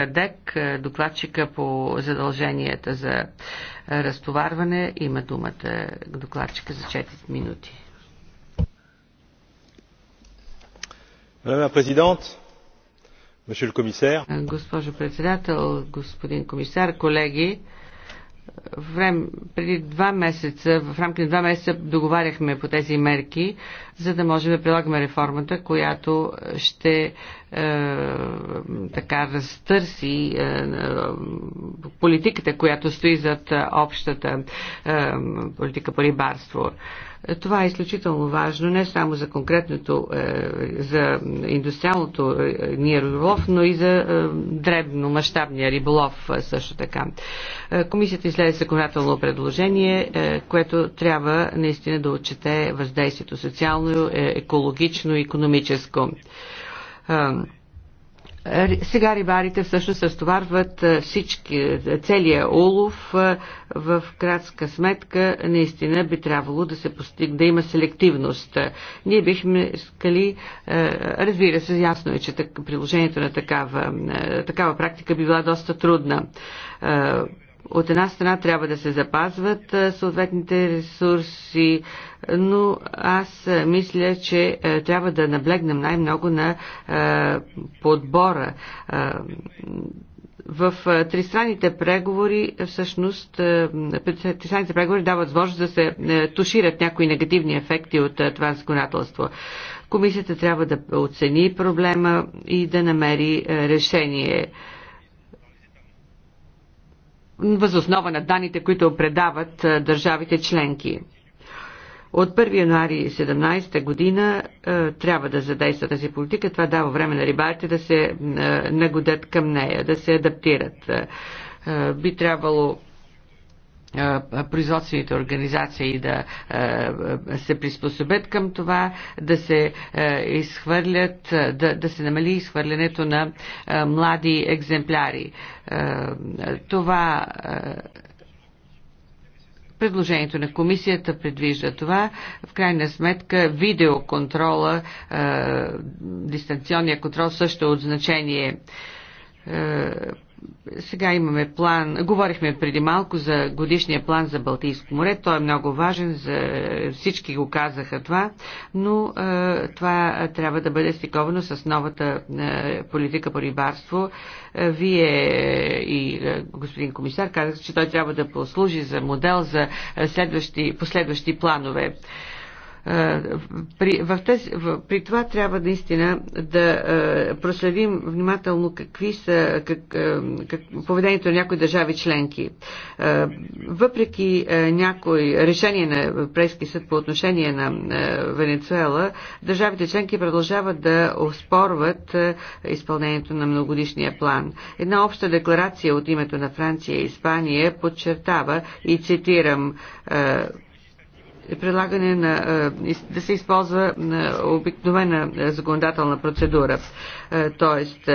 Радек, докладчика по задълженията за разтоварване, има думата докладчика за 4 минути. Госпожо председател, господин комисар, колеги, време, преди два месеца, в рамките на два месеца договаряхме по тези мерки, за да можем да прилагаме реформата, която ще е, така разтърси е, е, политиката, която стои зад общата е, политика по рибарство. Е, това е изключително важно не само за конкретното, е, за индустриалното е, ни риболов, но и за е, дребно мащабния риболов също така. Комисията изследва законодателно предложение, което трябва наистина да отчете въздействието социално, екологично и економическо сега рибарите всъщност разтоварват всички, целият улов в кратска сметка. Наистина би трябвало да се постиг, да има селективност. Ние бихме искали, разбира се, ясно е, че приложението на такава, такава практика би била доста трудна от една страна трябва да се запазват съответните ресурси, но аз мисля, че трябва да наблегнем най-много на подбора в тристранните преговори всъщност тристранните преговори дават възможност да се тушират някои негативни ефекти от това законодателство. Комисията трябва да оцени проблема и да намери решение възоснова на данните, които предават държавите членки. От 1 януари 2017 година е, трябва да задейства тази политика. Това дава време на рибарите да се е, нагодят към нея, да се адаптират. Е, би трябвало производствените организации да се приспособят към това, да се изхвърлят, да, да се намали изхвърлянето на млади екземпляри. Това предложението на комисията предвижда това. В крайна сметка видеоконтрола, дистанционния контрол също е от значение сега имаме план, говорихме преди малко за годишния план за Балтийско море, той е много важен, за, всички го казаха това, но е, това трябва да бъде стиковано с новата е, политика по рибарство. Е, вие и е, господин комисар казахте, че той трябва да послужи за модел за е, следващи, последващи планове. Е, при, в тези, в, при това трябва наистина да проследим внимателно какви са как, как, поведението на някои държави членки. Въпреки някои решения на Европейски съд по отношение на Венецуела, държавите членки продължават да оспорват изпълнението на многогодишния план. Една обща декларация от името на Франция и Испания подчертава и цитирам прилагане на, е, да се използва е, обикновена е, законодателна процедура, Тоест,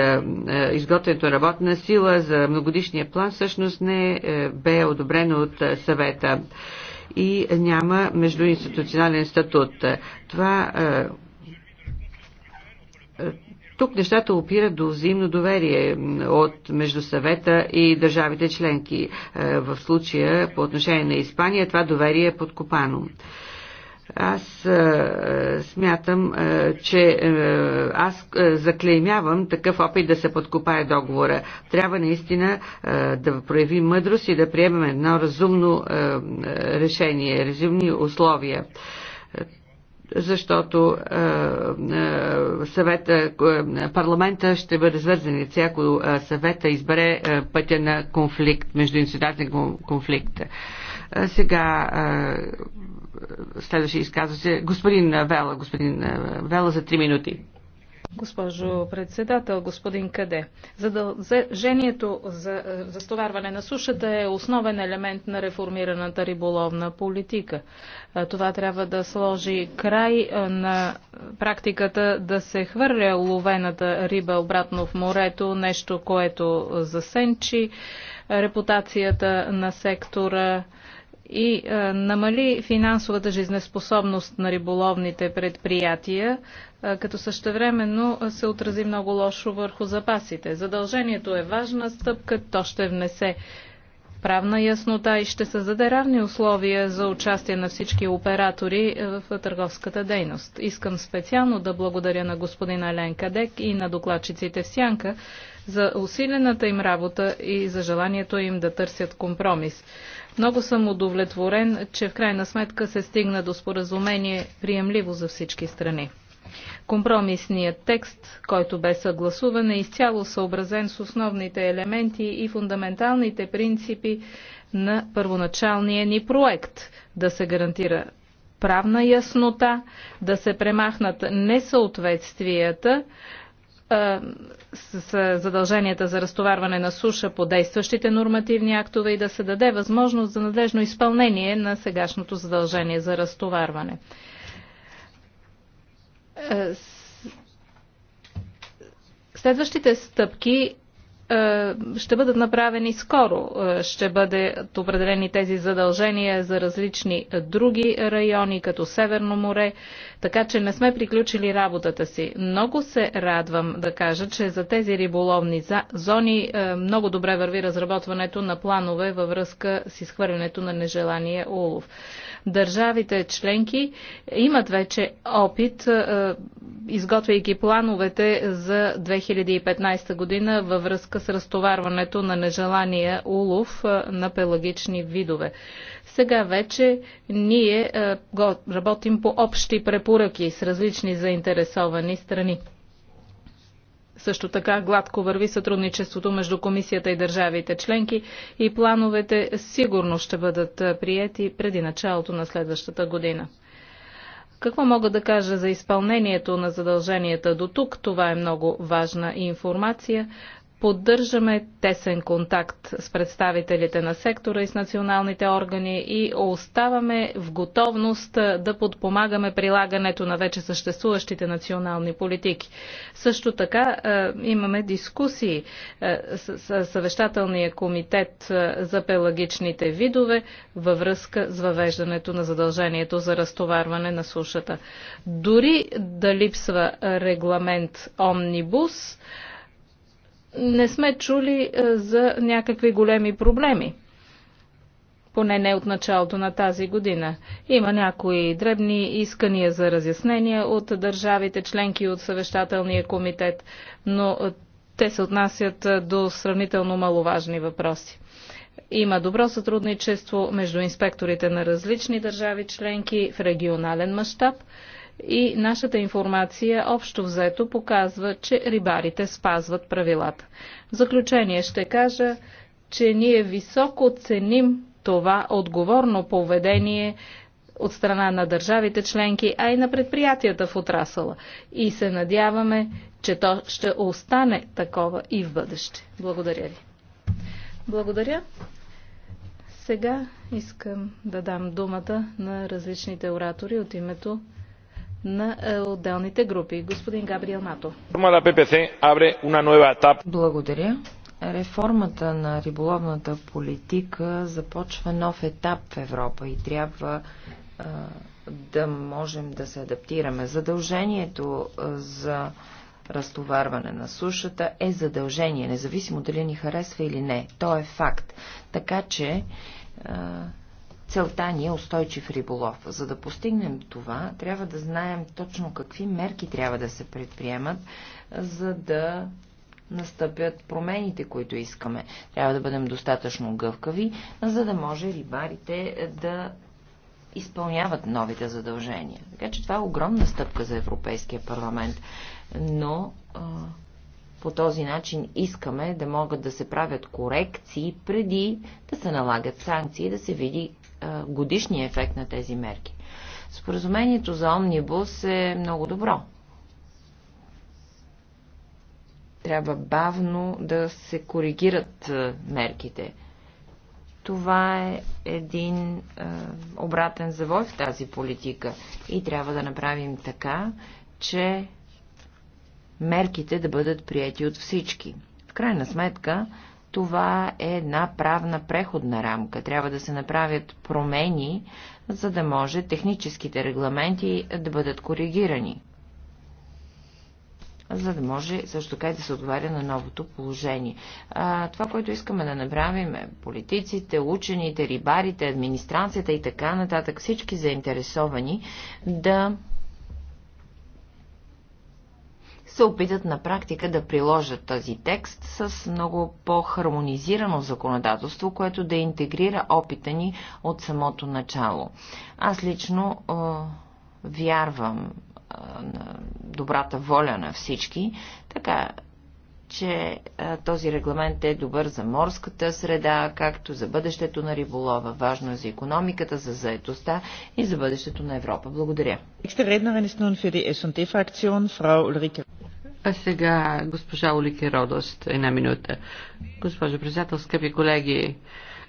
изготвянето на работна сила за многодишния план всъщност не бе одобрено от съвета и няма междуинституционален статут. Това тук нещата опират до взаимно доверие от между съвета и държавите членки. Е, в случая по отношение на Испания това доверие е подкопано. Аз е, смятам, е, че е, аз е, заклеймявам такъв опит да се подкопае договора. Трябва наистина е, да проявим мъдрост и да приемем едно разумно е, е решение, разумни условия защото е, е съвета, е, парламента ще бъде свързан лице, ако е, съвета избере пътя на конфликт, междуинституционален конфликт. Е, сега е, следващия изказва се господин Вела, господин Вела за три минути. Госпожо председател, господин Къде, задължението за застоварване на сушата е основен елемент на реформираната риболовна политика. Това трябва да сложи край на практиката да се хвърля ловената риба обратно в морето, нещо, което засенчи репутацията на сектора и намали финансовата жизнеспособност на риболовните предприятия, като същевременно се отрази много лошо върху запасите. Задължението е важна стъпка, то ще внесе правна яснота и ще създаде равни условия за участие на всички оператори е, в търговската дейност. Искам специално да благодаря на господина Лен Кадек и на докладчиците в Сянка за усилената им работа и за желанието им да търсят компромис. Много съм удовлетворен, че в крайна сметка се стигна до споразумение приемливо за всички страни. Компромисният текст, който бе съгласуван, е изцяло съобразен с основните елементи и фундаменталните принципи на първоначалния ни проект да се гарантира правна яснота, да се премахнат несъответствията с, с задълженията за разтоварване на суша по действащите нормативни актове и да се даде възможност за надлежно изпълнение на сегашното задължение за разтоварване. Е, следващите стъпки е, ще бъдат направени скоро. Е, ще бъдат определени тези задължения за различни е, други райони, като Северно море, така че не сме приключили работата си. Много се радвам да кажа, че за тези риболовни зони много добре върви разработването на планове във връзка с изхвърлянето на нежелания улов. Държавите членки имат вече опит, изготвяйки плановете за 2015 година във връзка с разтоварването на нежелания улов на пелагични видове. Сега вече ние работим по общи препоръки с различни заинтересовани страни. Също така гладко върви сътрудничеството между комисията и държавите членки и плановете сигурно ще бъдат приети преди началото на следващата година. Какво мога да кажа за изпълнението на задълженията до тук? Това е много важна информация. Поддържаме тесен контакт с представителите на сектора и с националните органи и оставаме в готовност да подпомагаме прилагането на вече съществуващите национални политики. Също така имаме дискусии с съвещателния комитет за пелагичните видове във връзка с въвеждането на задължението за разтоварване на сушата. Дори да липсва регламент Омнибус, не сме чули е, за някакви големи проблеми. Поне не от началото на тази година. Има някои дребни искания за разяснения от държавите членки от съвещателния комитет, но е, те се отнасят е, до сравнително маловажни въпроси. Има добро сътрудничество между инспекторите на различни държави членки в регионален мащаб и нашата информация общо взето показва, че рибарите спазват правилата. В заключение ще кажа, че ние високо ценим това отговорно поведение от страна на държавите членки, а и на предприятията в отрасъла. И се надяваме, че то ще остане такова и в бъдеще. Благодаря ви. Благодаря. Сега искам да дам думата на различните оратори от името на е, отделните групи. Господин Габриел Мато. Благодаря. Реформата на риболовната политика започва нов етап в Европа и трябва е, да можем да се адаптираме. Задължението е, за разтоварване на сушата е задължение, независимо дали ни харесва или не. То е факт. Така че Целта ни е устойчив риболов. За да постигнем това, трябва да знаем точно какви мерки трябва да се предприемат, за да настъпят промените, които искаме. Трябва да бъдем достатъчно гъвкави, за да може рибарите да изпълняват новите задължения. Така че това е огромна стъпка за Европейския парламент. Но а, по този начин искаме да могат да се правят корекции преди да се налагат санкции, да се види е, годишния ефект на тези мерки. Споразумението за омнибус е много добро. Трябва бавно да се коригират е, мерките. Това е един е, обратен завой в тази политика и трябва да направим така, че мерките да бъдат прияти от всички. В крайна сметка, това е една правна преходна рамка. Трябва да се направят промени, за да може техническите регламенти да бъдат коригирани. За да може също така и да се отговаря на новото положение. А, това, което искаме да направим, е политиците, учените, рибарите, администрацията и така нататък, всички заинтересовани да се опитат на практика да приложат този текст с много по-хармонизирано законодателство, което да интегрира опита ни от самото начало. Аз лично е, вярвам е, на добрата воля на всички, така че е, този регламент е добър за морската среда, както за бъдещето на риболова, важно е за економиката, за заетостта и за бъдещето на Европа. Благодаря. А сега госпожа Олики Родост, една минута. Госпожо председател, скъпи колеги,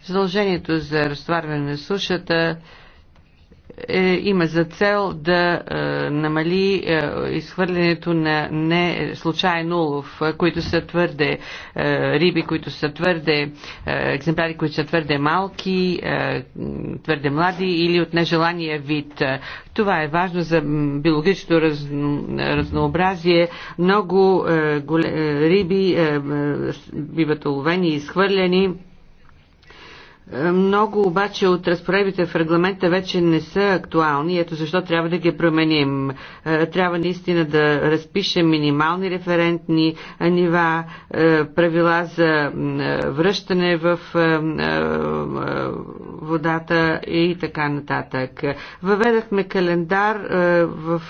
задължението за разтоварване на сушата е, има за цел да е, намали е, изхвърлянето на не случайен улов, е, които са твърде е, риби, които са твърде е, екземпляри, които са твърде малки, е, твърде млади или от нежелания вид. Това е важно за биологичното раз, разнообразие. Много е, голем, е, риби е, е, биват уловени и изхвърляни е, много обаче от разпоредбите в регламента вече не са актуални, ето защо трябва да ги променим. Е, трябва наистина да разпишем минимални референтни е, нива, правила за връщане в водата и така нататък. Въведахме календар, в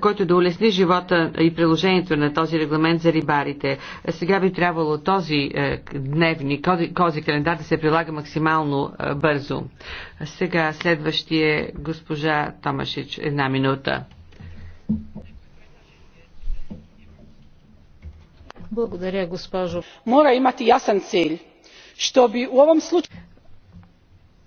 който да улесни живота и приложението на този регламент за рибарите. Сега би трябвало този дневни, този календар да се прилага максимално максимално бързо. Сега следващия е госпожа Томашич, една минута. Благодаря, госпожо. Мора имати ясен цел, щоби в овом случае...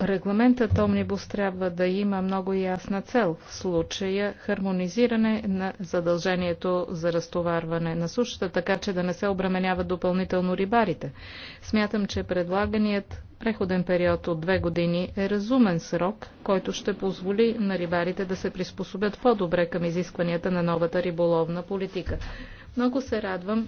Регламентът Омнибус трябва да има много ясна цел в случая хармонизиране на задължението за разтоварване на сушата, така че да не се обременяват допълнително рибарите. Смятам, че предлаганият преходен период от две години е разумен срок, който ще позволи на рибарите да се приспособят по-добре към изискванията на новата риболовна политика. Много се радвам,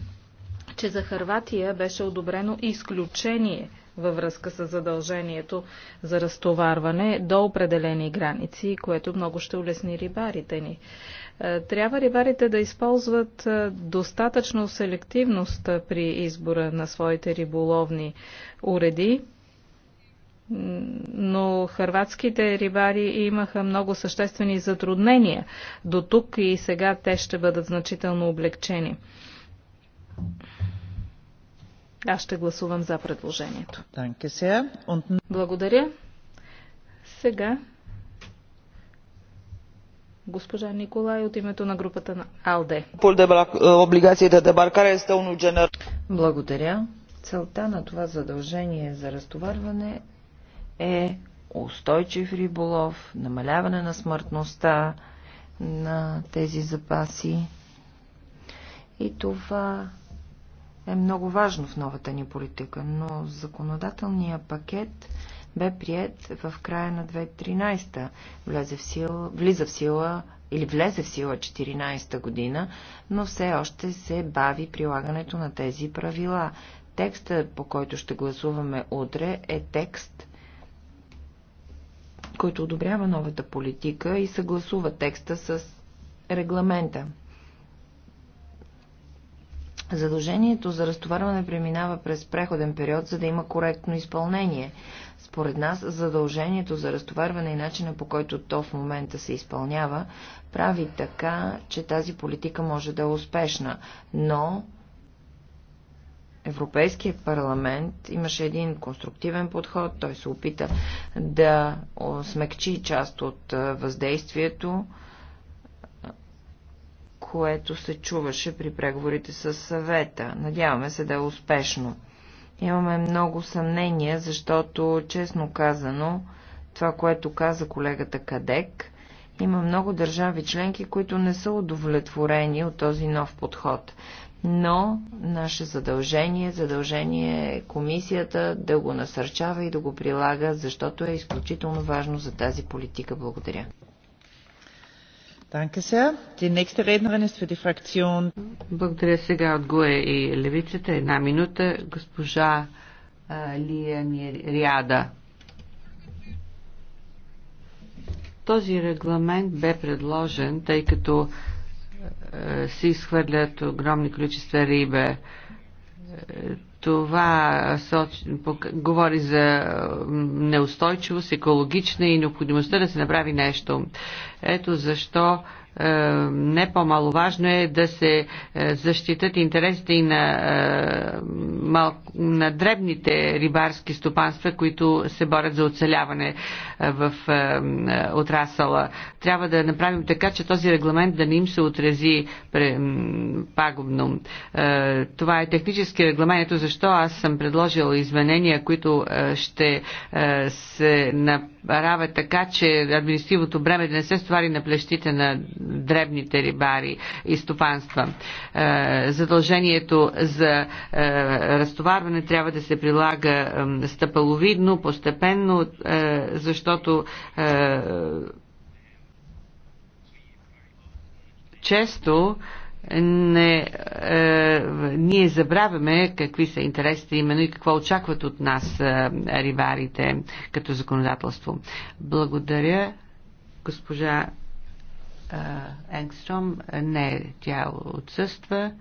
че за Харватия беше одобрено изключение във връзка с задължението за разтоварване до определени граници, което много ще улесни рибарите ни. Е, трябва рибарите да използват е, достатъчно селективност при избора на своите риболовни уреди, но хърватските рибари имаха много съществени затруднения до тук и сега те ще бъдат значително облегчени. Аз ще гласувам за предложението. Благодаря. Сега госпожа Николай от името на групата на АЛДЕ. Облигацията Благодаря. Целта на това задължение за разтоварване е устойчив риболов, намаляване на смъртността на тези запаси. И това е много важно в новата ни политика, но законодателният пакет бе прият в края на 2013. Влезе в сила, влиза в сила или влезе в сила 14 та година, но все още се бави прилагането на тези правила. Текстът, по който ще гласуваме утре, е текст, който одобрява новата политика и съгласува текста с регламента. Задължението за разтоварване преминава през преходен период, за да има коректно изпълнение. Според нас, задължението за разтоварване и начина по който то в момента се изпълнява, прави така, че тази политика може да е успешна, но Европейския парламент имаше един конструктивен подход, той се опита да смекчи част от въздействието което се чуваше при преговорите с съвета. Надяваме се да е успешно. Имаме много съмнения, защото, честно казано, това, което каза колегата Кадек, има много държави членки, които не са удовлетворени от този нов подход. Но наше задължение, задължение е комисията да го насърчава и да го прилага, защото е изключително важно за тази политика. Благодаря. Благодаря сега от Гуе и Левицата. Една минута. Госпожа Лия Ряда. Този регламент бе предложен, тъй като се изхвърлят огромни количества риба това соч... говори за неустойчивост, екологична и необходимостта да се направи нещо. Ето защо е, не по-маловажно е да се е, защитат интересите и на, е, на дребните рибарски стопанства, които се борят за оцеляване в отрасала. Трябва да направим така, че този регламент да не им се отрези пагубно. Това е технически регламент, ето защо аз съм предложил изменения, които ще се направят правят така, че административното бреме да не се стовари на плещите на дребните рибари и стопанства. Е, задължението за е, разтоварване трябва да се прилага стъпаловидно, постепенно, е, защото често не, е, ние забравяме какви са интересите именно и какво очакват от нас е, рибарите като законодателство. Благодаря, госпожа е, Енгстром. Не, тя отсъства.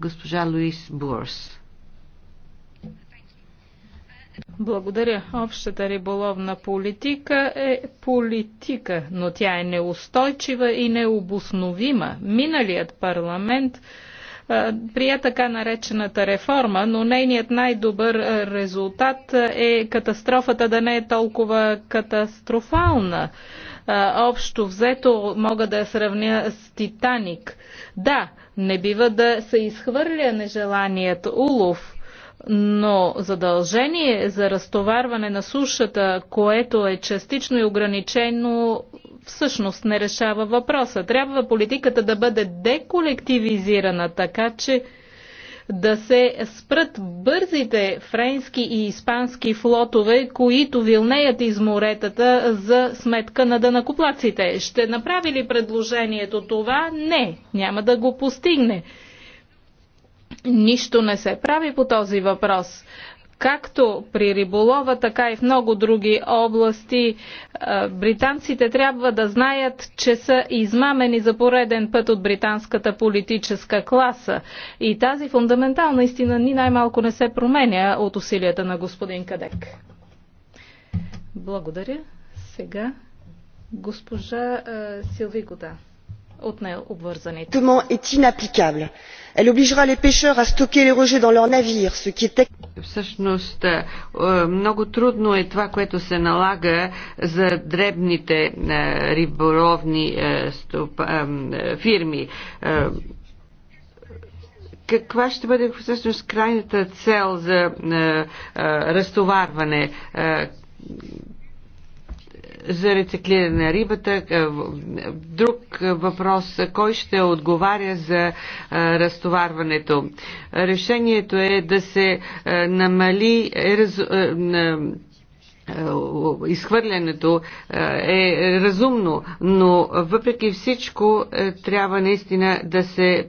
Госпожа Луис Бурс. Благодаря. Общата риболовна политика е политика, но тя е неустойчива и необосновима. Миналият парламент прия така наречената реформа, но нейният най-добър резултат е катастрофата да не е толкова катастрофална. Общо взето мога да я сравня с Титаник. Да, не бива да се изхвърля нежеланият улов но задължение за разтоварване на сушата, което е частично и ограничено, всъщност не решава въпроса. Трябва политиката да бъде деколективизирана, така че да се спрат бързите френски и испански флотове, които вилнеят из моретата за сметка на дънакоплаците. Ще направи ли предложението това? Не, няма да го постигне. Нищо не се прави по този въпрос както при риболова, така и в много други области. Е, британците трябва да знаят, че са измамени за пореден път от британската политическа класа. И тази фундаментална истина ни най-малко не се променя от усилията на господин Кадек. Благодаря. Сега госпожа е, Силви Года. От нея обвързаните elle obligera les pêcheurs à stocker les rejets dans leurs navires ce qui est Всъщност е, е, много трудно е това, което се налага за дребните е, риболовни фирми каква ще бъде всъщност крайната цел за е, е, разтоварване? Е, за рециклиране на рибата. Е, друг въпрос, кой ще отговаря за е, разтоварването? Решението е да се е, намали изхвърлянето е разумно, но въпреки всичко трябва наистина да се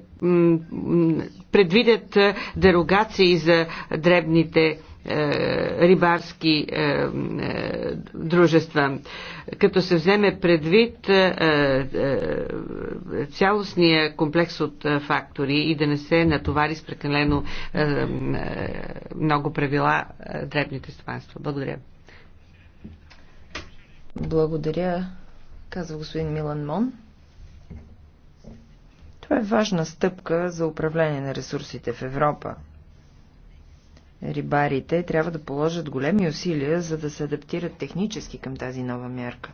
предвидят дерогации за дребните е, рибарски е, е, дружества. Като се вземе предвид цялостния комплекс от фактори и да не се натовари с прекалено много правила дребните стопанства. Благодаря. Благодаря, казва господин Милан Мон. Това е важна стъпка за управление на ресурсите в Европа рибарите трябва да положат големи усилия, за да се адаптират технически към тази нова мярка.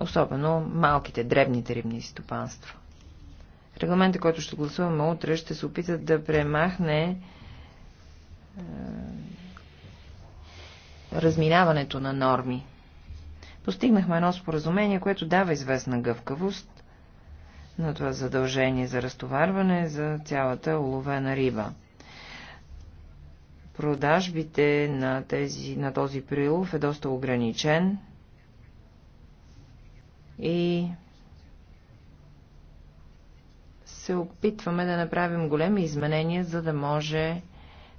Особено малките, дребните рибни стопанства. Регламентът, който ще гласуваме утре, ще се опитат да премахне е, разминаването на норми. Постигнахме едно споразумение, което дава известна гъвкавост на това задължение за разтоварване за цялата уловена риба. Продажбите на, тези, на този прилов е доста ограничен и се опитваме да направим големи изменения, за да може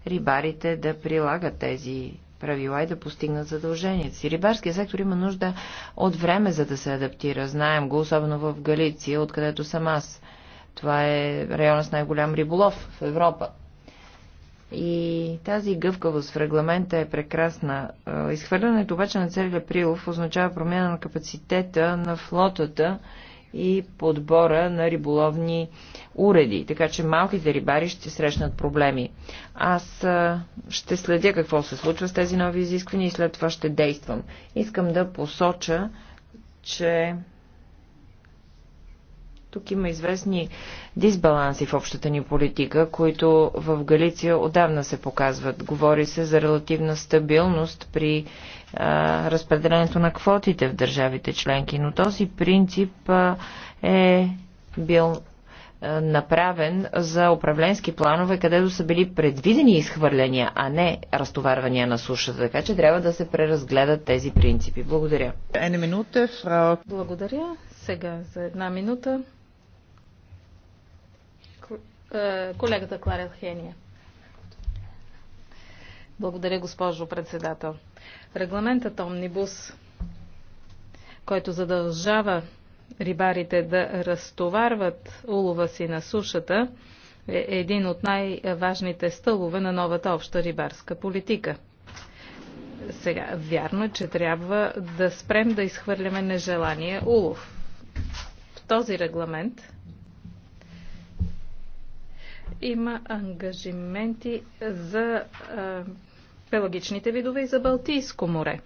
рибарите да прилагат тези правила и да постигнат задълженията си. Рибарския сектор има нужда от време, за да се адаптира. Знаем го, особено в Галиция, откъдето съм аз. Това е района с най-голям риболов в Европа. И тази гъвкавост в регламента е прекрасна. Е, изхвърлянето обаче на целия прилов означава промяна на капацитета на флотата и подбора на риболовни уреди, така че малките рибари ще срещнат проблеми. Аз е, ще следя какво се случва с тези нови изисквания и след това ще действам. Искам да посоча, че тук има известни дисбаланси в общата ни политика, които в Галиция отдавна се показват. Говори се за релативна стабилност при а, разпределението на квотите в държавите членки, но този принцип а, е бил а, направен за управленски планове, където са били предвидени изхвърления, а не разтоварвания на сушата. Така че трябва да се преразгледат тези принципи. Благодаря. Една минута, Благодаря. Сега за една минута е, колегата Клара Хения. Благодаря, госпожо председател. Регламентът Омнибус, който задължава рибарите да разтоварват улова си на сушата, е един от най-важните стълбове на новата обща рибарска политика. Сега, вярно е, че трябва да спрем да изхвърляме нежелания улов. В този регламент има ангажименти за пелагичните видове и за Балтийско море.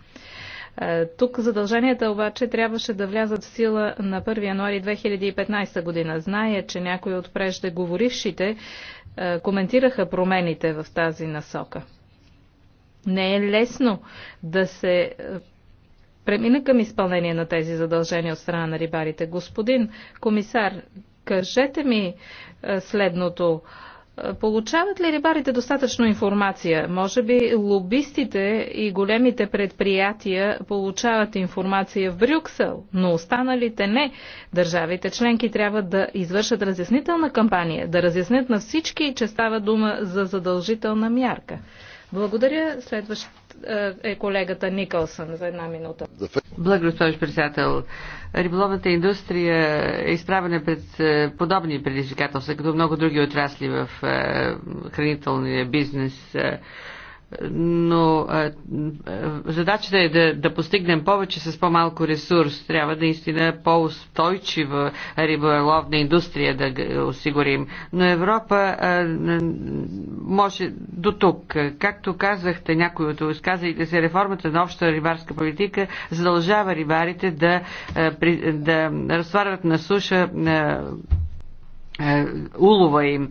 Тук задълженията обаче трябваше да влязат в сила на 1 януари 2015 година. Зная, че някои от преждеговорившите коментираха промените в тази насока. Не е лесно да се премина към изпълнение на тези задължения от страна на рибарите. Господин комисар, Кажете ми е, следното. Е, получават ли рибарите достатъчно информация? Може би лобистите и големите предприятия получават информация в Брюксел, но останалите не. Държавите членки трябва да извършат разяснителна кампания, да разяснят на всички, че става дума за задължителна мярка. Благодаря. Следващ е колегата Никълсън за една минута. Благодаря, госпожо председател. Риболовната индустрия е изправена пред е, подобни предизвикателства, като много други отрасли в е, хранителния бизнес е, но задачата е да, да постигнем повече с по-малко ресурс. Трябва да наистина по-устойчива риболовна индустрия да осигурим. Но Европа може до тук. Както казахте, някои от изказалите се, реформата на обща рибарска политика задължава рибарите да, да разтварят на суша улова им.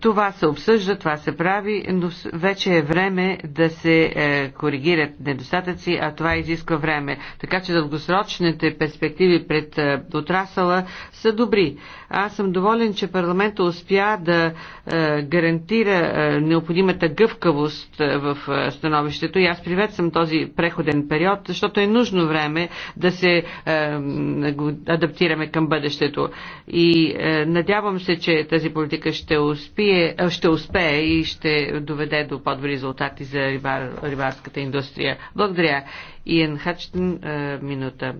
Това се обсъжда, това се прави, но вече е време да се е, коригират недостатъци, а това изисква време. Така че дългосрочните перспективи пред е, отрасъла са добри. Аз съм доволен, че парламента успя да е, гарантира необходимата гъвкавост в становището и аз приветствам този преходен период, защото е нужно време да се адаптираме към бъдещето. И надявам се, че тази политика ще ще, успие, ще успее и ще доведе до по-добри резултати за рибар, рибарската индустрия. Благодаря. Иен Хачтен, е, минута.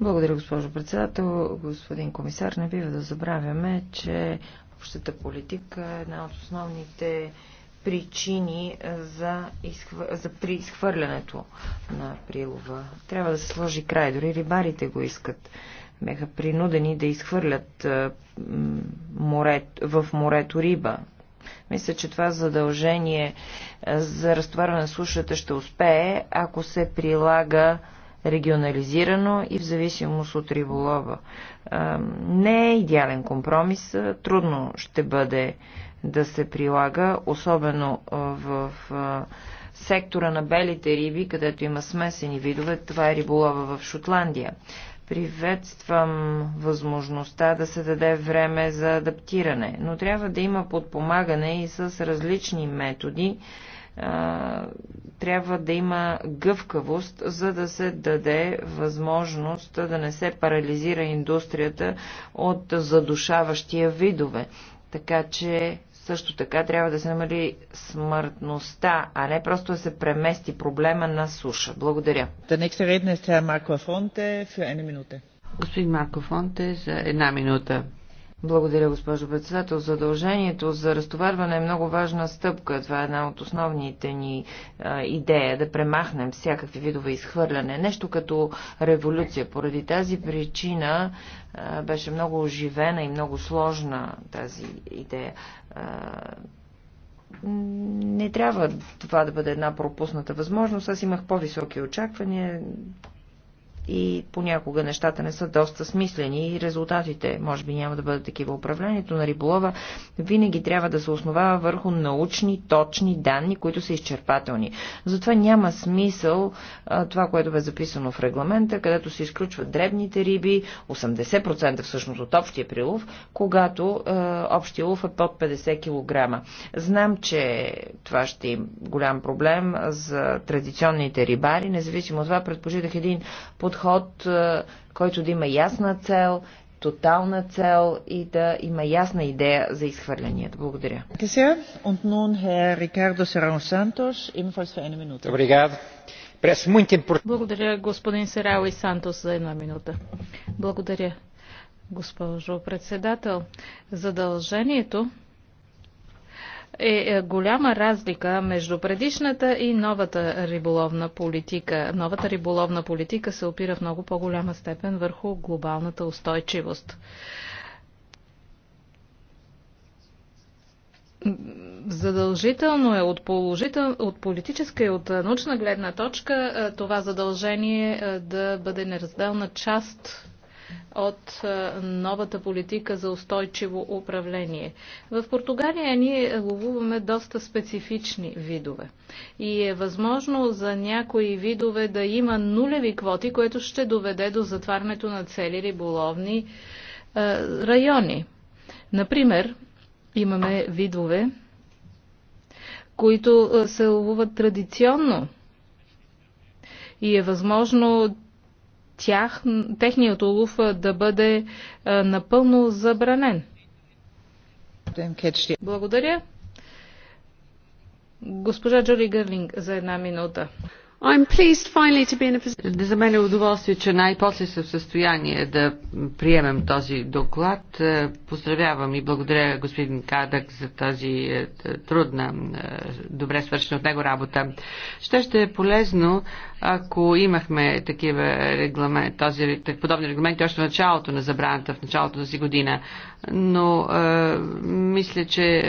Благодаря, госпожо председател. Господин комисар, не бива да забравяме, че общата политика е една от основните причини за, изхвър... за при изхвърлянето на прилова. Трябва да се сложи край. Дори рибарите го искат бяха принудени да изхвърлят море, в морето риба. Мисля, че това задължение за разтоварване на сушата ще успее, ако се прилага регионализирано и в зависимост от риболова. Не е идеален компромис, трудно ще бъде да се прилага, особено в сектора на белите риби, където има смесени видове, това е риболова в Шотландия. Приветствам възможността да се даде време за адаптиране, но трябва да има подпомагане и с различни методи. Трябва да има гъвкавост, за да се даде възможност да не се парализира индустрията от задушаващия видове. Така че също така трябва да се намали смъртността, а не просто да се премести проблема на суша. Благодаря. Господин Марко Фонте за една минута. Благодаря, госпожо председател. Задължението за разтоварване е много важна стъпка. Това е една от основните ни а, идея да премахнем всякакви видове изхвърляне. Нещо като революция. Поради тази причина а, беше много оживена и много сложна тази идея. А, не трябва това да бъде една пропусната възможност. Аз имах по-високи очаквания и понякога нещата не са доста смислени и резултатите може би няма да бъдат такива. Управлението на риболова винаги трябва да се основава върху научни, точни данни, които са изчерпателни. Затова няма смисъл а, това, което бе записано в регламента, където се изключват дребните риби, 80% всъщност от общия прилов, когато а, общия лов е под 50 кг. Знам, че това ще е голям проблем за традиционните рибари, независимо от това предпочитах един подход подход, който да има ясна цел, тотална цел и да има ясна идея за изхвърлянията. Благодаря. Благодаря, господин Серао и Сантос, за една минута. Благодаря, госпожо председател. Задължението е, е голяма разлика между предишната и новата риболовна политика. Новата риболовна политика се опира в много по-голяма степен върху глобалната устойчивост. Задължително е от, положител, от политическа и от научна гледна точка е, това задължение е, да бъде неразделна част от новата политика за устойчиво управление. В Португалия ние ловуваме доста специфични видове и е възможно за някои видове да има нулеви квоти, което ще доведе до затварянето на цели риболовни райони. Например, имаме видове, които се ловуват традиционно и е възможно тях, техният улов да бъде напълно забранен. Благодаря. Госпожа Джоли Гърлинг за една минута. Е, за мен е удоволствие, че най-после са в състояние да приемем този доклад. Е, поздравявам и благодаря господин Кадък за тази е, трудна, добре свършена от него работа. Ще ще е полезно, ако имахме такива регламент, този, подобни регламенти още в началото на забраната, в началото на си година но е, мисля, че е,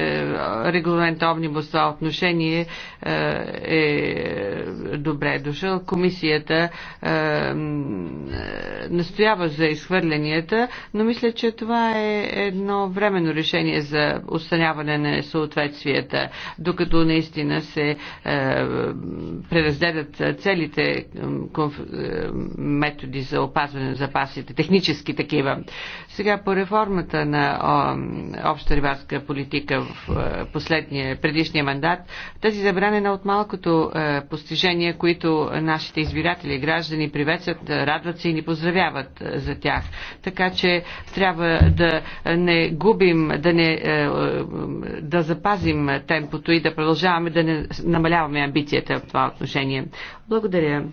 регламент Омнибус това отношение е, е добре е дошъл. Комисията е, е, настоява за изхвърленията, но мисля, че това е едно временно решение за устаняване на съответствията, докато наистина се е, преразгледат целите конф... Е, методи за опазване на запасите, технически такива. Сега по реформата на обща рибарска политика в е, последния, предишния мандат, тази забрана е една от малкото е, постижения, които нашите избиратели и граждани приветстват, радват се и ни поздравяват е, за тях. Така че трябва да не губим, да, не, да запазим темпото и да продължаваме да не намаляваме амбицията в това отношение. Благодаря.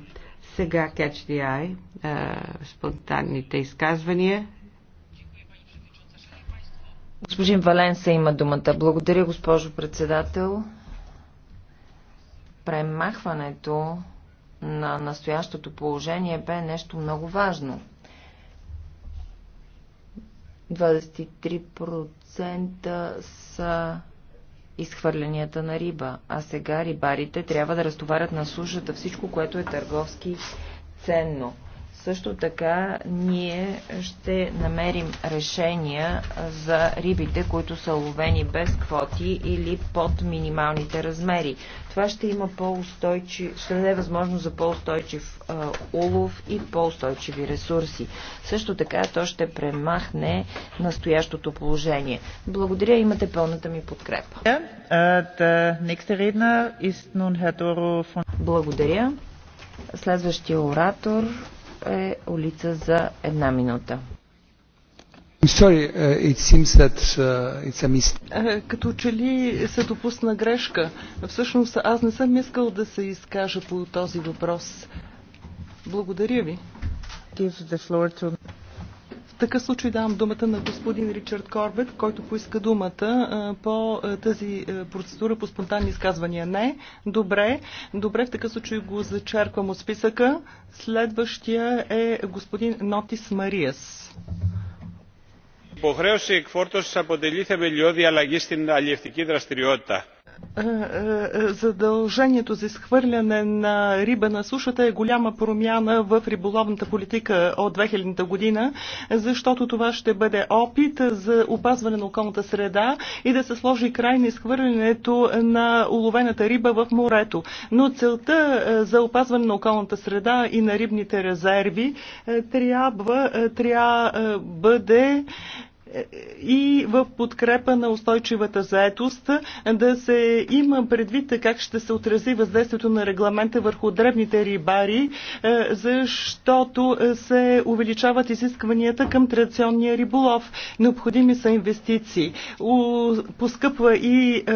Сега Catch the Eye, спонтанните изказвания. Господин Валенса има думата. Благодаря, госпожо председател. Премахването на настоящото положение бе нещо много важно. 23% са изхвърленията на риба, а сега рибарите трябва да разтоварят на сушата всичко, което е търговски ценно. Също така ние ще намерим решения за рибите, които са ловени без квоти или под минималните размери. Това ще има по-устойчив, ще даде възможност за по-устойчив улов и по-устойчиви ресурси. Също така то ще премахне настоящото положение. Благодаря, имате пълната ми подкрепа. Е, е, Благодаря. Следващия оратор е улица за една минута. Sorry, uh, it seems that, uh, е, Като че ли се допусна грешка. Всъщност аз не съм искал да се изкажа по този въпрос. Благодаря ви такъв случай давам думата на господин Ричард Корбет, който поиска думата по тази процедура по спонтанни изказвания. Не. Добре. Добре, в такъв случай го зачерквам от списъка. Следващия е господин Нотис Мариас. Υποχρέωση εκφόρτωση αποτελεί θεμελιώδη αλλαγή στην αλλιευτική δραστηριότητα. Е, е, задължението за изхвърляне на риба на сушата е голяма промяна в риболовната политика от 2000-та година, защото това ще бъде опит за опазване на околната среда и да се сложи край на изхвърлянето на уловената риба в морето. Но целта е, за опазване на околната среда и на рибните резерви трябва, трябва бъде и в подкрепа на устойчивата заетост да се има предвид как ще се отрази въздействието на регламента върху дребните рибари, е, защото се увеличават изискванията към традиционния риболов. Необходими са инвестиции. Поскъпва и е, е,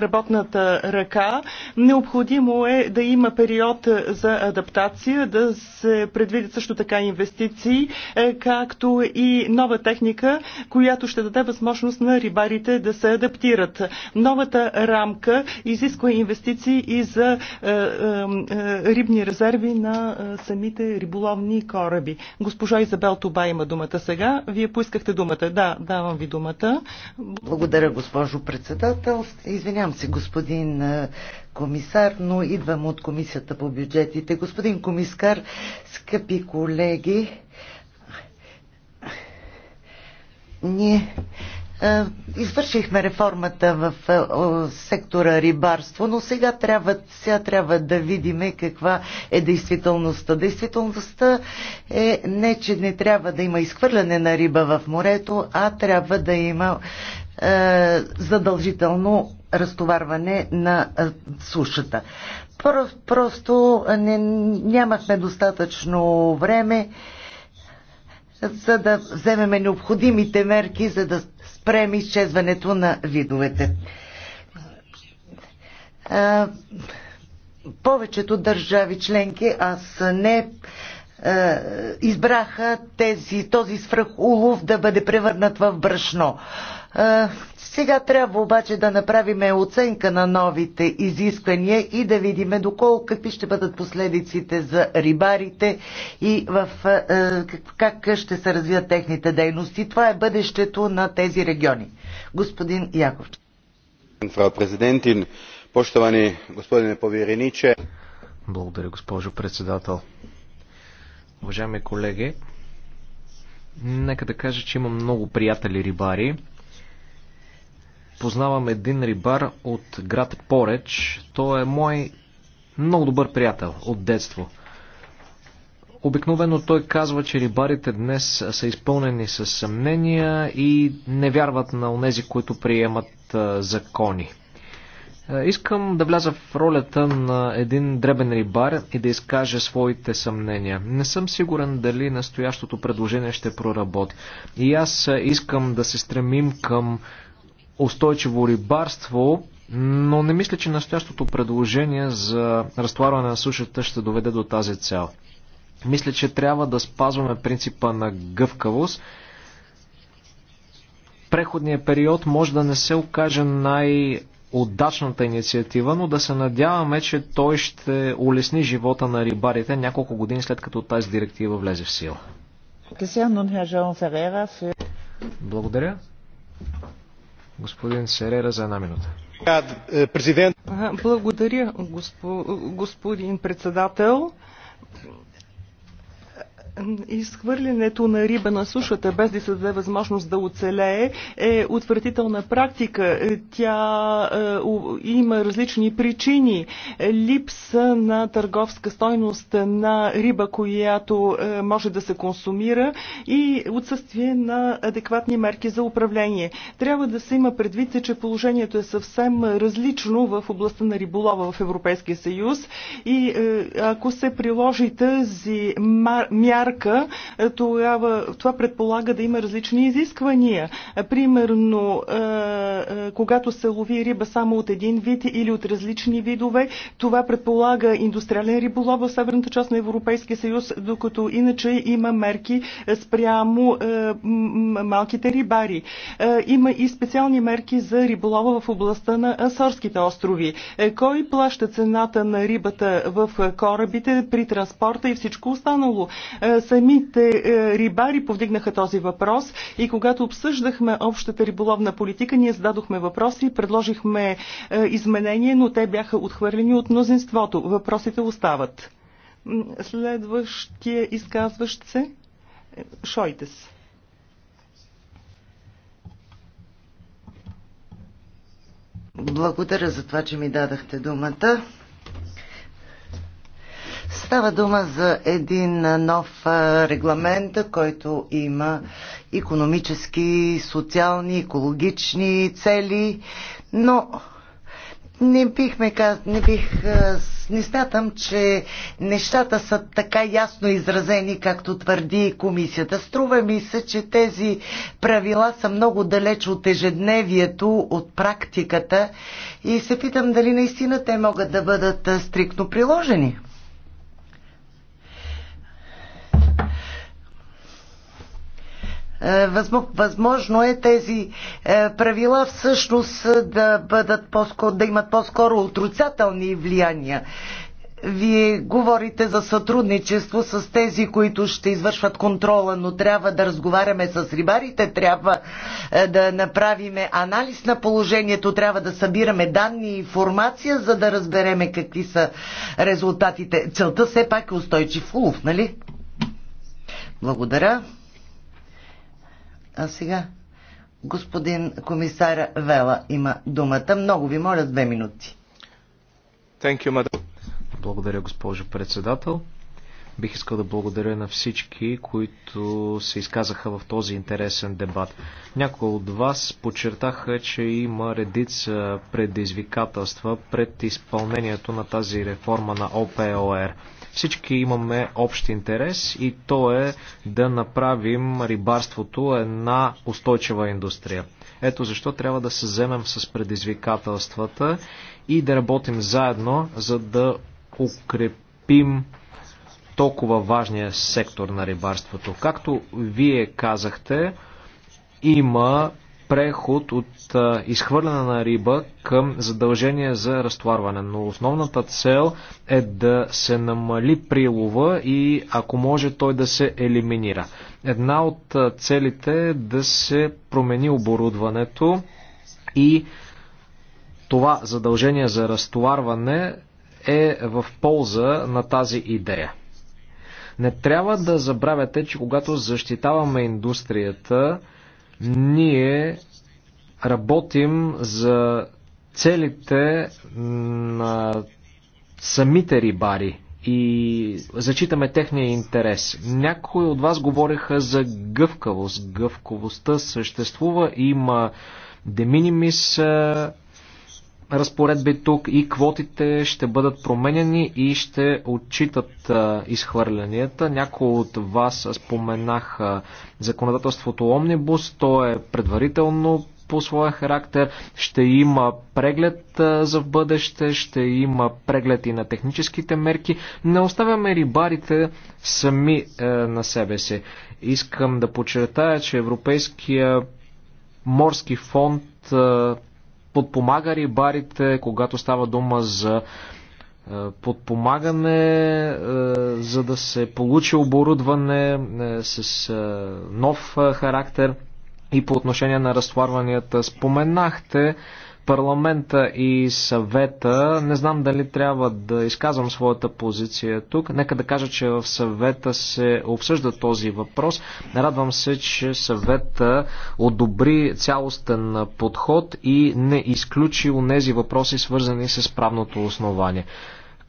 работната ръка. Необходимо е да има период за адаптация, да се предвидят също така инвестиции, както и нова техника техника, която ще даде възможност на рибарите да се адаптират. Новата рамка изисква инвестиции и за е, е, е, рибни резерви на е, самите риболовни кораби. Госпожа Изабел Туба има думата сега. Вие поискахте думата. Да, давам ви думата. Благодаря, госпожо председател. Извинявам се, господин е, комисар, но идвам от комисията по бюджетите. Господин комисар, скъпи колеги, Ние извършихме реформата в сектора рибарство, но сега трябва, сега трябва да видим каква е действителността. Действителността е не, че не трябва да има изхвърляне на риба в морето, а трябва да има е, задължително разтоварване на е, сушата. Просто не, нямахме достатъчно време за да вземеме необходимите мерки, за да спрем изчезването на видовете. А, повечето държави членки, аз не избраха тези, този свръхулов да бъде превърнат в брашно. Сега трябва обаче да направим оценка на новите изисквания и да видим доколко какви ще бъдат последиците за рибарите и в, е, е, как ще се развият техните дейности. Това е бъдещето на тези региони. Господин Яков. Фрау президентин, господине поверениче. Благодаря, госпожо председател. Уважаеми колеги, нека да кажа, че имам много приятели рибари познавам един рибар от град Пореч. Той е мой много добър приятел от детство. Обикновено той казва, че рибарите днес са изпълнени с съмнения и не вярват на онези, които приемат закони. Искам да вляза в ролята на един дребен рибар и да изкажа своите съмнения. Не съм сигурен дали настоящото предложение ще проработи. И аз искам да се стремим към устойчиво рибарство, но не мисля, че настоящото предложение за разтоварване на сушата ще доведе до тази цел. Мисля, че трябва да спазваме принципа на гъвкавост. Преходният период може да не се окаже най- удачната инициатива, но да се надяваме, че той ще улесни живота на рибарите няколко години след като тази директива влезе в сила. Благодаря. Господин Серера за една минута. Благодаря, господин председател. Изхвърлянето на риба на сушата, без да се даде възможност да оцелее, е отвратителна практика. Тя е, има различни причини. Липса на търговска стойност на риба, която е, може да се консумира и отсъствие на адекватни мерки за управление. Трябва да се има предвид, че положението е съвсем различно в областта на риболова в Европейския съюз и е, ако се приложи тази мяра, марка, е, тогава това предполага да има различни изисквания. Е, примерно, е, когато се лови риба само от един вид или от различни видове, това предполага индустриален риболов в северната част на Европейския съюз, докато иначе има мерки спрямо малките рибари. Има и специални мерки за риболова в областта на Асорските острови. Кой плаща цената на рибата в корабите при транспорта и всичко останало? Самите е, рибари повдигнаха този въпрос и когато обсъждахме общата риболовна политика, ние зададохме въпроси и предложихме е, изменения, но те бяха отхвърлени от мнозинството. Въпросите остават. Следващия изказващ се Шойтес. Благодаря за това, че ми дадахте думата. Става дума за един нов регламент, който има економически, социални, екологични цели, но не бихме каз... не бих не смятам, че нещата са така ясно изразени, както твърди комисията. Струва ми се, че тези правила са много далеч от ежедневието, от практиката и се питам дали наистина те могат да бъдат стрикно приложени. Е, възможно е тези е, правила всъщност да, бъдат по да имат по-скоро отрицателни влияния. Вие говорите за сътрудничество с тези, които ще извършват контрола, но трябва да разговаряме с рибарите, трябва е, да направиме анализ на положението, трябва да събираме данни и информация, за да разбереме какви са резултатите. Целта все пак е устойчив улов, нали? Благодаря. А сега господин комисар Вела има думата. Много ви моля две минути. Thank you, madam. Благодаря, госпожо председател. Бих искал да благодаря на всички, които се изказаха в този интересен дебат. Някои от вас подчертаха, че има редица предизвикателства пред изпълнението на тази реформа на ОПОР. Всички имаме общ интерес и то е да направим рибарството една устойчива индустрия. Ето защо трябва да се вземем с предизвикателствата и да работим заедно, за да укрепим толкова важния сектор на рибарството. Както вие казахте, има преход от изхвърляне на риба към задължение за разтоварване. Но основната цел е да се намали прилова и ако може той да се елиминира. Една от целите е да се промени оборудването и това задължение за разтоварване е в полза на тази идея. Не трябва да забравяте, че когато защитаваме индустрията, ние работим за целите на самите рибари и зачитаме техния интерес. Някои от вас говориха за гъвкавост. Гъвковостта съществува, има деминимис разпоредби тук и квотите ще бъдат променени и ще отчитат изхвърлянията. Някои от вас споменах законодателството Омнибус, то е предварително по своя характер, ще има преглед за в бъдеще, ще има преглед и на техническите мерки. Не оставяме рибарите сами е, на себе си. Искам да подчертая, че Европейския морски фонд е, подпомага рибарите, когато става дума за е, подпомагане, е, за да се получи оборудване е, с нов характер и по отношение на разтварванията Споменахте парламента и съвета, не знам дали трябва да изказвам своята позиция тук. Нека да кажа, че в съвета се обсъжда този въпрос. Радвам се, че съвета одобри цялостен подход и не изключи у нези въпроси, свързани с правното основание.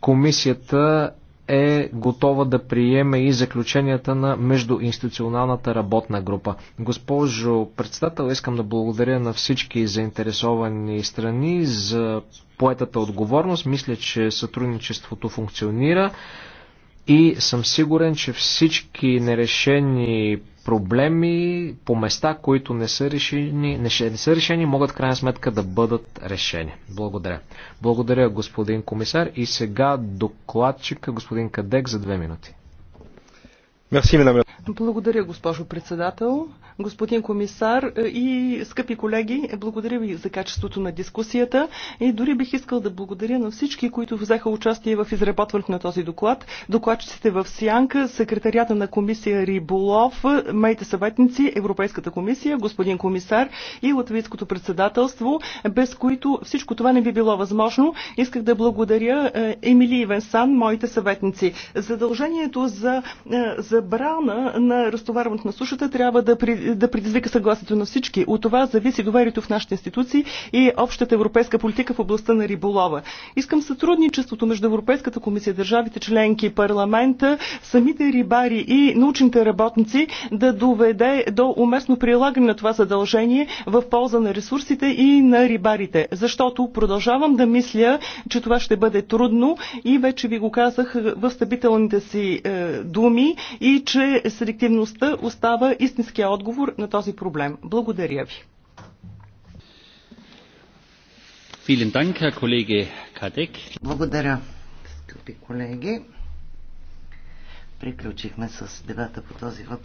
Комисията е готова да приеме и заключенията на междуинституционалната работна група. Госпожо председател, искам да благодаря на всички заинтересовани страни за поетата отговорност. Мисля, че сътрудничеството функционира и съм сигурен, че всички нерешени проблеми по места, които не са решени, не, не са решени могат в крайна сметка да бъдат решени. Благодаря. Благодаря, господин комисар. И сега докладчика, господин Кадек, за две минути. Благодаря, госпожо председател, господин комисар е, и скъпи колеги. Благодаря ви за качеството на дискусията и дори бих искал да благодаря на всички, които взеха участие в изработването на този доклад. Докладчиците в Сянка, секретарията на комисия Риболов, моите съветници, Европейската комисия, господин комисар и Латвийското председателство, без които всичко това не би било възможно. Исках да благодаря е, Емили и Венсан, моите съветници. Задължението за, е, за забрана на разтоварването на сушата трябва да, при, да предизвика съгласието на всички. От това зависи доверието в нашите институции и общата европейска политика в областта на риболова. Искам сътрудничеството между Европейската комисия, държавите членки, парламента, самите рибари и научните работници да доведе до уместно прилагане на това задължение в полза на ресурсите и на рибарите. Защото продължавам да мисля, че това ще бъде трудно и вече ви го казах в стъпителните си е, думи и и че селективността остава истинския отговор на този проблем. Благодаря ви. Благодаря, скъпи колеги. Приключихме с дебата по този въпрос.